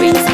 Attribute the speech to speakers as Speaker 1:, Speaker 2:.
Speaker 1: dreams